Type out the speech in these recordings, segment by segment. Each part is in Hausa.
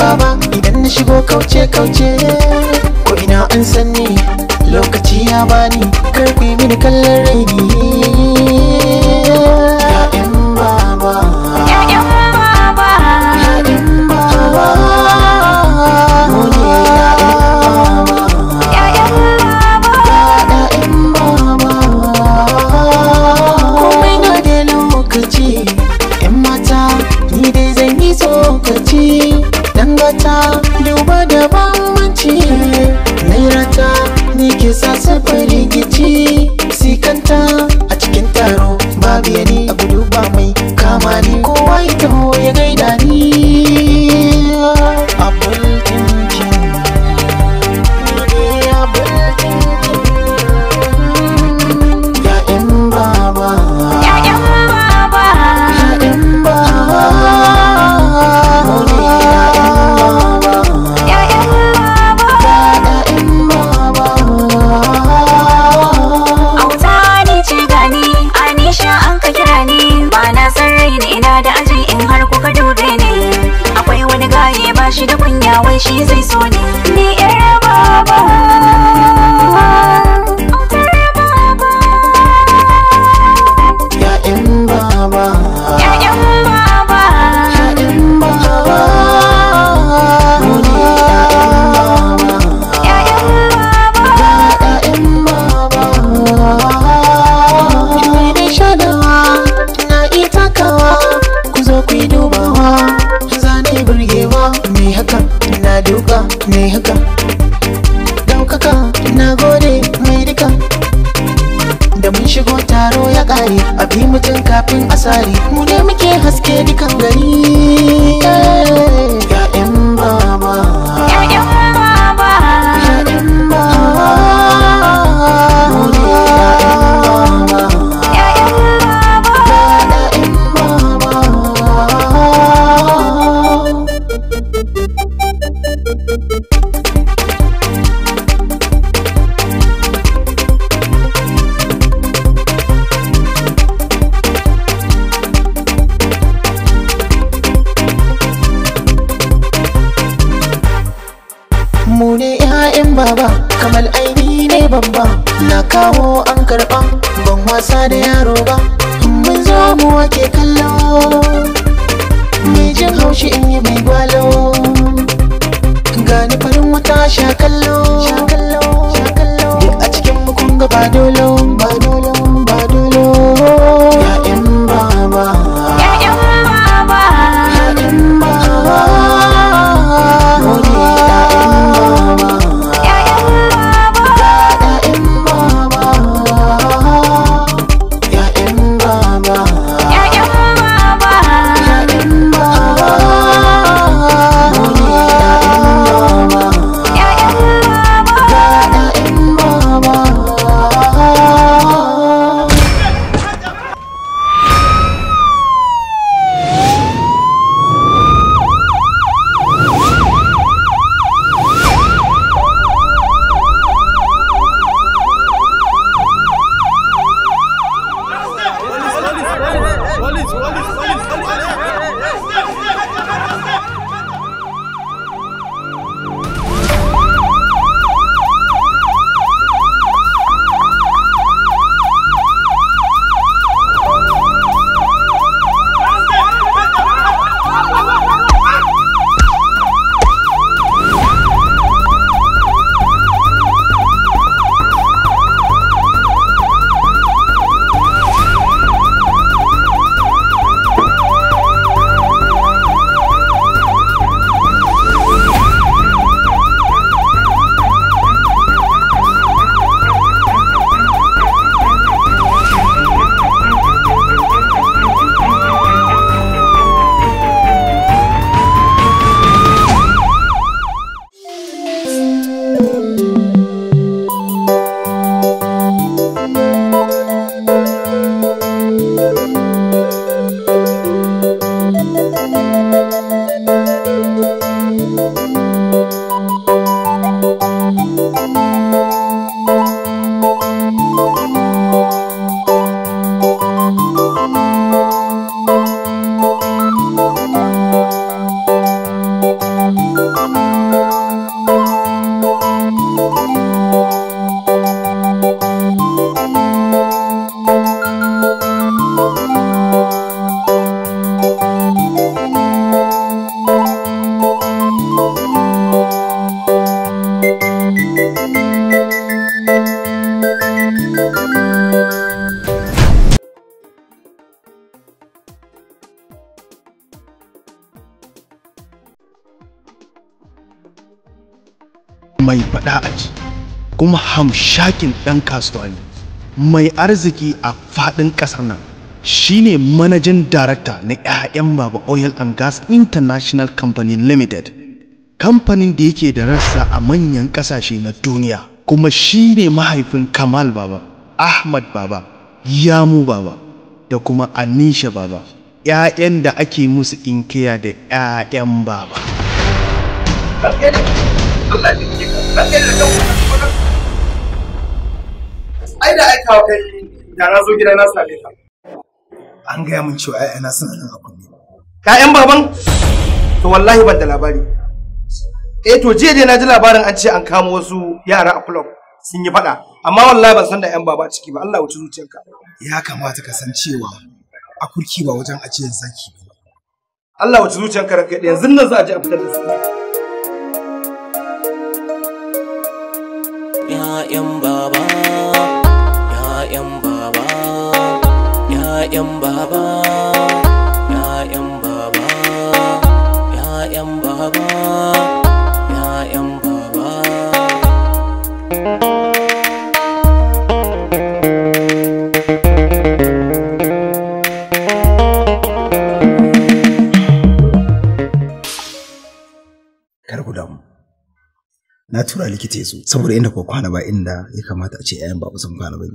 baba idan na shigo kauce kauce ko ina an sanni lokaci ya bani kar mini kallon rai bata duba da bambanci lairata ta ni sa safari mai me haka na duka me haka daukaka na gode mai duka da mun shigo taro ya kare a bi mutum kafin asari mu ne muke haske dukan gari mai faɗa a ci kuma hamshakin ɗan kasuwa ne mai arziki a faɗin ƙasar nan shine manajin darakta na 'ya'yan baba oil and gas international company limited kamfanin da yake da rassa a manyan ƙasashe na duniya kuma shine mahaifin kamal baba ahmad baba yamu baba da kuma anisha baba 'ya'yan da ake musu inkiya da 'ya'yan baba Allah ne ke kai da kan ai da aika kai da na zo gida na same ka an gaya min cewa ai na suna nan a kunne ƴaƴan baban to wallahi ban da labari eh to jiya dai na ji labarin an ce an kamo wasu yara a club sun yi faɗa amma wallahi ban san da ƴan baba ciki ba Allah wuce zuciyarka ya kamata ka san cewa a kurki ba wajen ajiyar zaki ba Allah wuce zuciyarka ranka yanzu nan za a je a fitar da su ya'yan baba ya'yan baba ya'yan baba ya'yan baba ya'yan baba ya'yan baba kar ku damu na tura likita ya zo saboda inda ko kwana ba inda ya kamata a ce 'Ya'yan babu sun kwana ba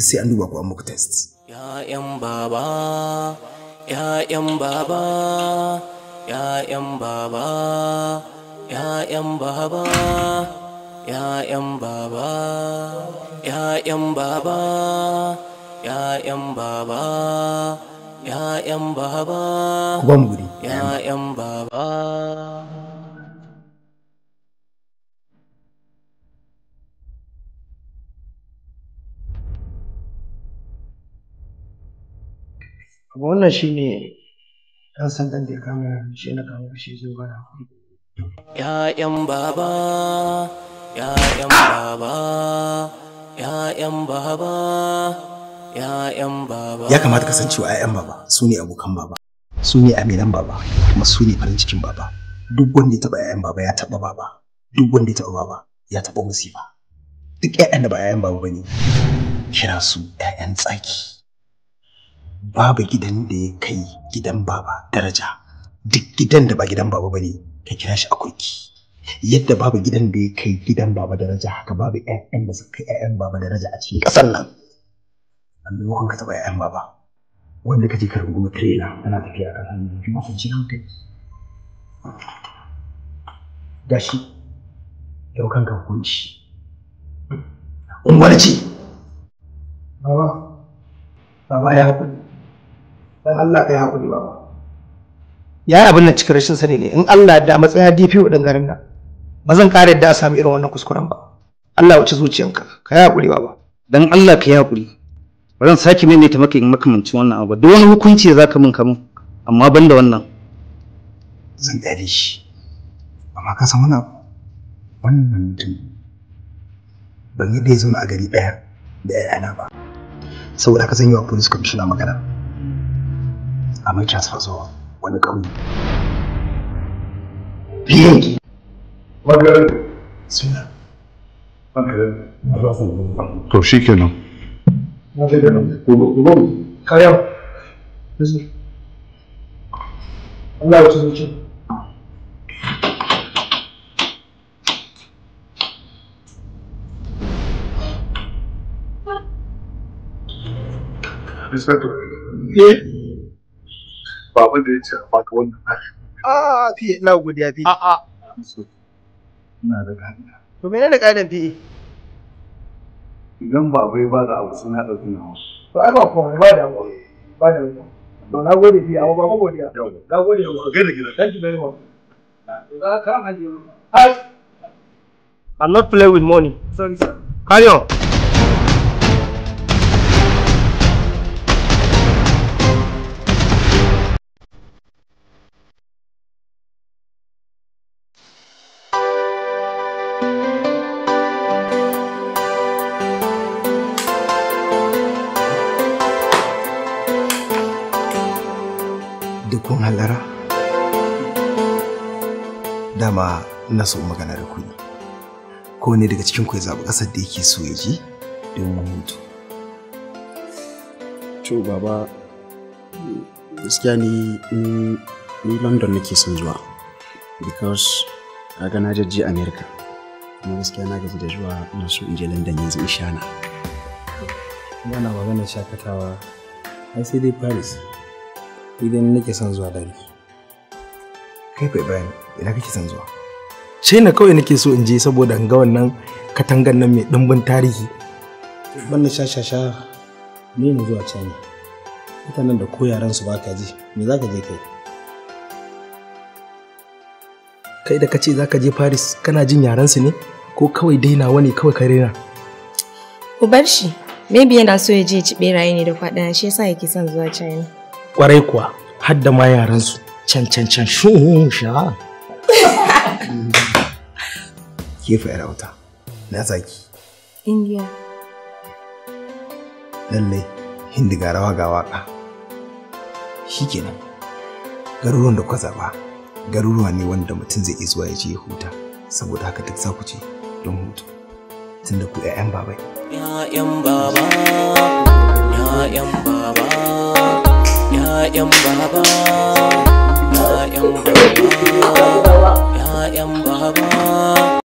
sai an duba ko an muku test Ya'yan baba Ya'yan baba Ya'yan baba Ya'yan baba Ya'yan baba Ya'yan baba ƴaƴan baba baba ku ba mu guri Ya'yan baba wannan shine ɗan sandan da ya kama shi na kama shi zo gana ya'yan baba ya'yan baba ya'yan baba ya'yan baba ya kamata kasancewa ya'yan baba su ne abokan baba su ne aminan baba kuma su ne farin cikin baba duk wanda ya taɓa ya'yan baba ya taɓa baba duk wanda ya taɓa baba ya taɓa musiba duk ya'yan da ba ya'yan baba ba ne kira su ya'yan tsaki babu gidan da ya kai gidan baba daraja duk gidan da ba gidan baba bane ka kira shi ki? yadda babu gidan da ya kai gidan baba daraja haka babu ƴaƴan da suka kai ƴaƴan baba daraja a cikin ƙasar nan a maimakon ka taɓa ƴaƴan baba wanda kaje ka rungumi trailer Kana tafiya a kan nan. kuma sun ci kai? gashi yau kanka hukunci unguwar ce baba baba ya haƙuri dan Allah kai hakuri baba ya yi abin nan cikin rashin sani ne in Allah da matsaya DP ɗin garin nan ba zan ƙara yadda a samu irin wannan kuskuren ba Allah wuce zuciyanka ka yi hakuri baba dan Allah ka yi hakuri, ba zan sake ta maka in makamanci wannan abu duk wani hukunci da zaka min kamun amma ban da wannan zan dade shi amma ka san wannan? wannan mutum ban yi da zama a gari ɗaya da yana ba saboda ka san yi wa police commissioner magana a mai transfer zuwa wani ƙauye. Biyanki. Magarin. Suna. Magarin. To shi kenan. Na zai gano. Gobe. Kayan. Allah ya ci Inspector. Yeah. baban da ya ce a wannan a fi ah, godiya fi a a ina da to da fi ba bai ba da abu wasu to ai ba ba da ba da to na gode fi amma ba godiya na gode ga gida thank you very much I'm not playing with money. Sorry, sir. Carry on. dama na so magana da ko ne daga cikin ku ya zaɓi ƙasar da yake so ya don domin hutu to baba gaskiya ni ni london nake son zuwa because ga na jajje america kuma gaskiya na gaji da zuwa na so in je london yanzu in shana ba na maganar shakatawa ai sai dai paris idan nake son zuwa dare kai bai bayani ina kake son zuwa na kawai nake so in je saboda ga wannan katangan nan mai dimbin tarihi wannan shashasha ne ne zuwa china mutanen da ko yaran su baka ji me zaka je kai kai da kace zaka je paris kana jin yaran su ne ko kawai na wani kawai ka rena ku bar shi maybe yana so ya je ci beraye ne da kwaɗa shi yasa yake son zuwa china kwarai kuwa har da ma yaran su can can can shu sha Kefa era wata. na zaki. India. Lallai, hindi ga rawa ga waka. Shikenan. Garuruwan da kuka zaba, garuruwa ne wanda mutum zai iya zuwa ya je ya huta, saboda haka duk za ku je don hutu. Tunda ku ƴaƴan babai. Ƴaƴan baba, ƴaƴan baba, ƴaƴan baba. ya'yan baba ya'yan baba